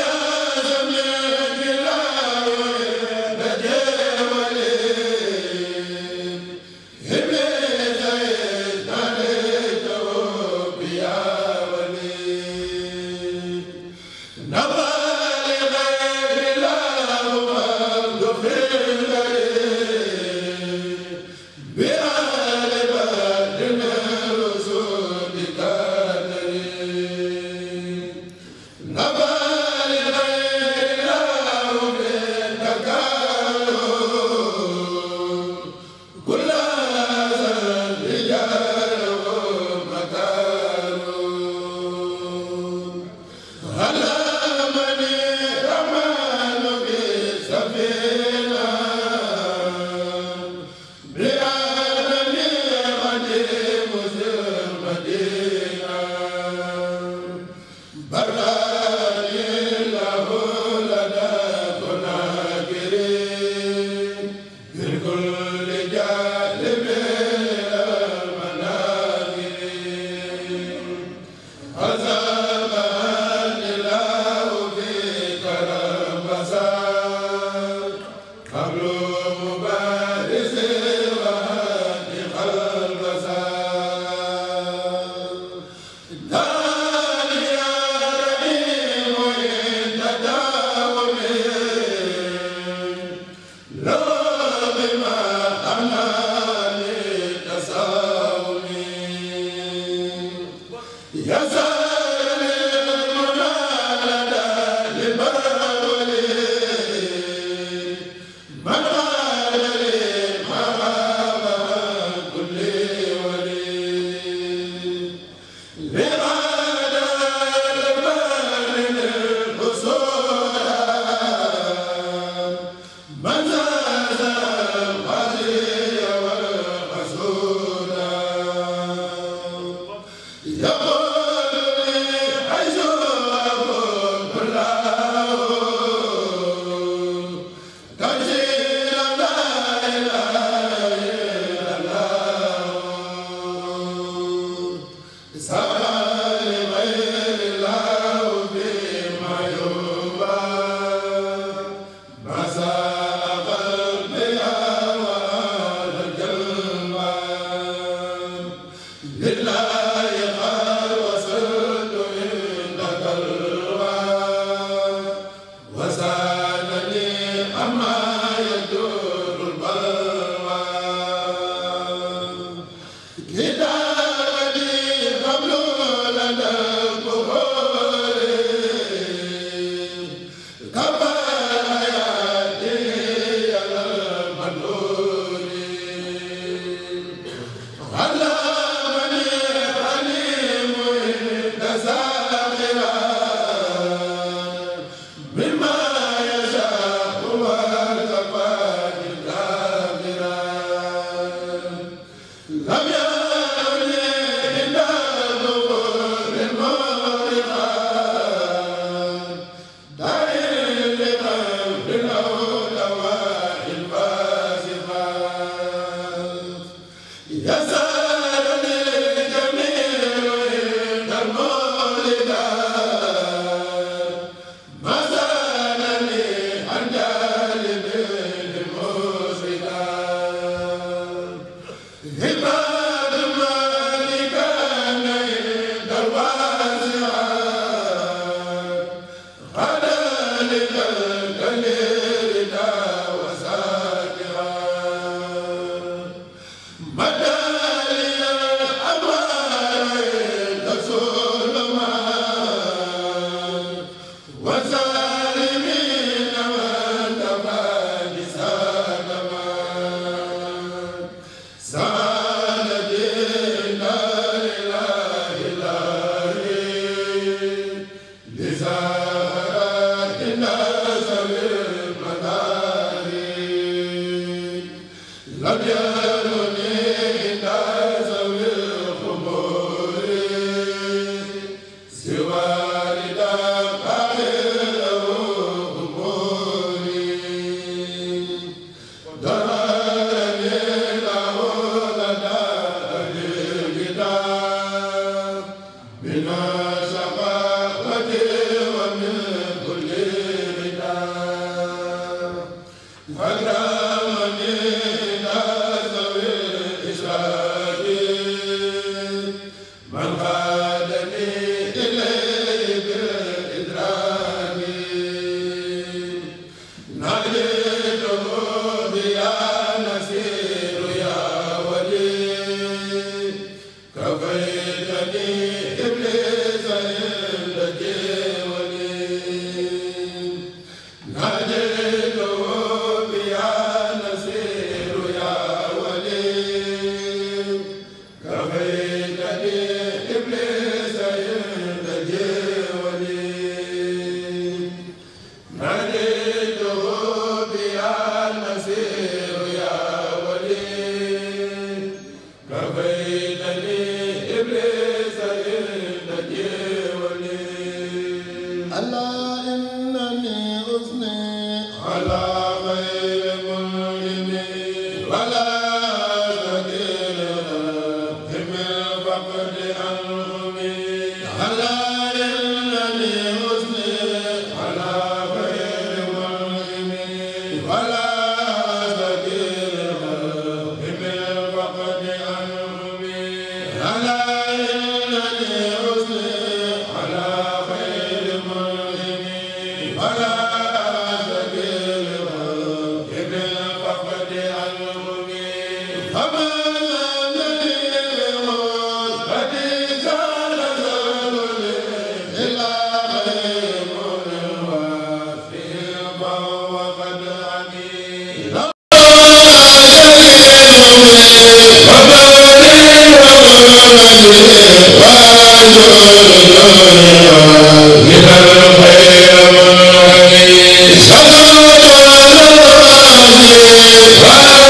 ya Yes sir. la waa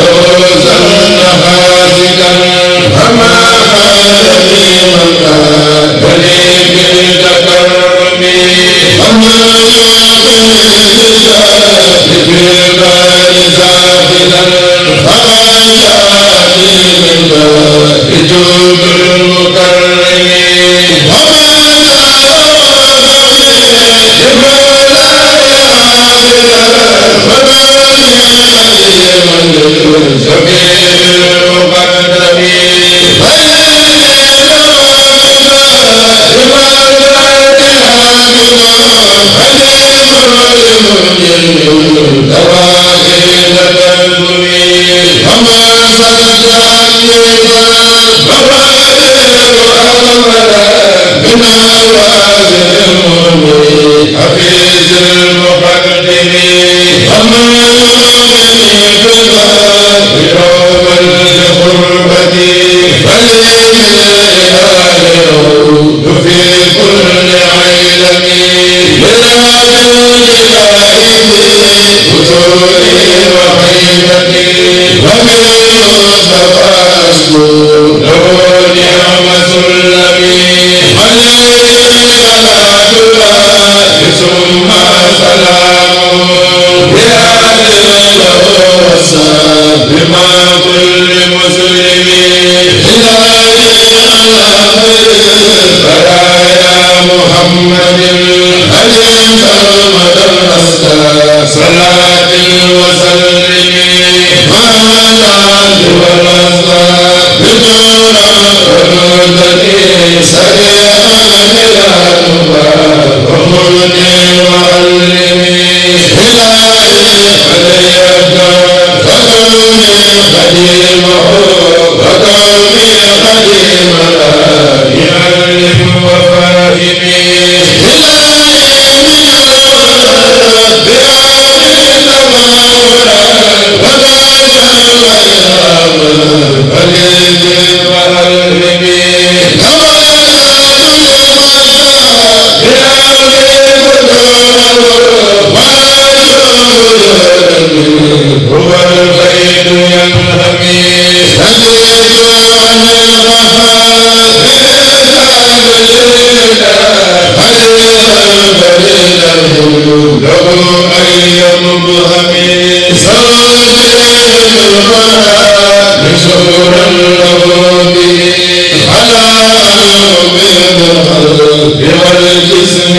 الله Valeu! صلاة وسلم على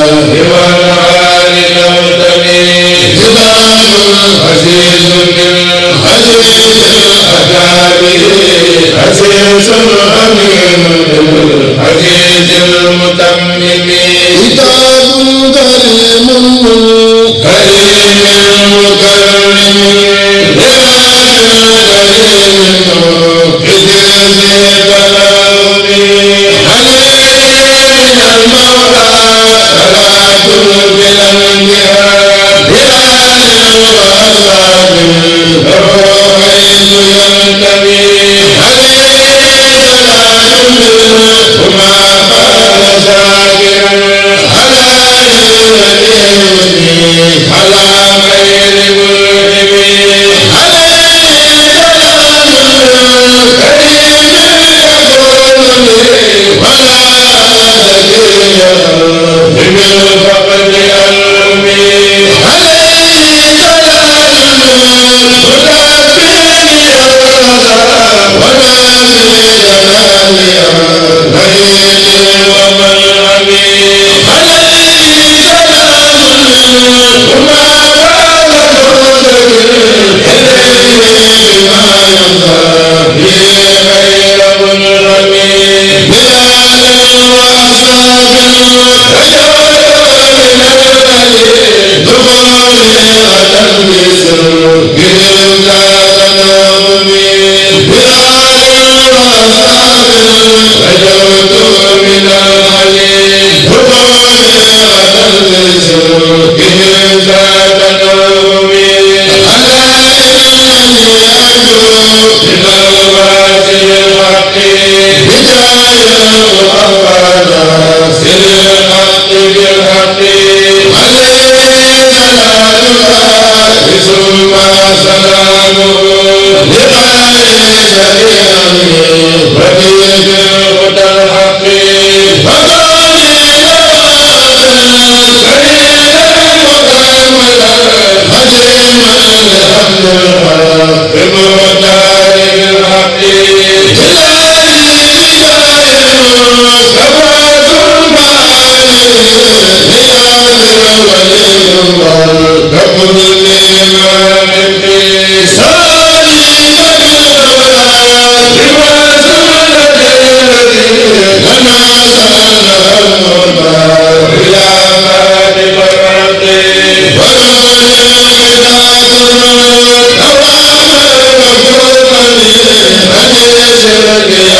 عزيز أمين عزيز المتمم على Sa yaa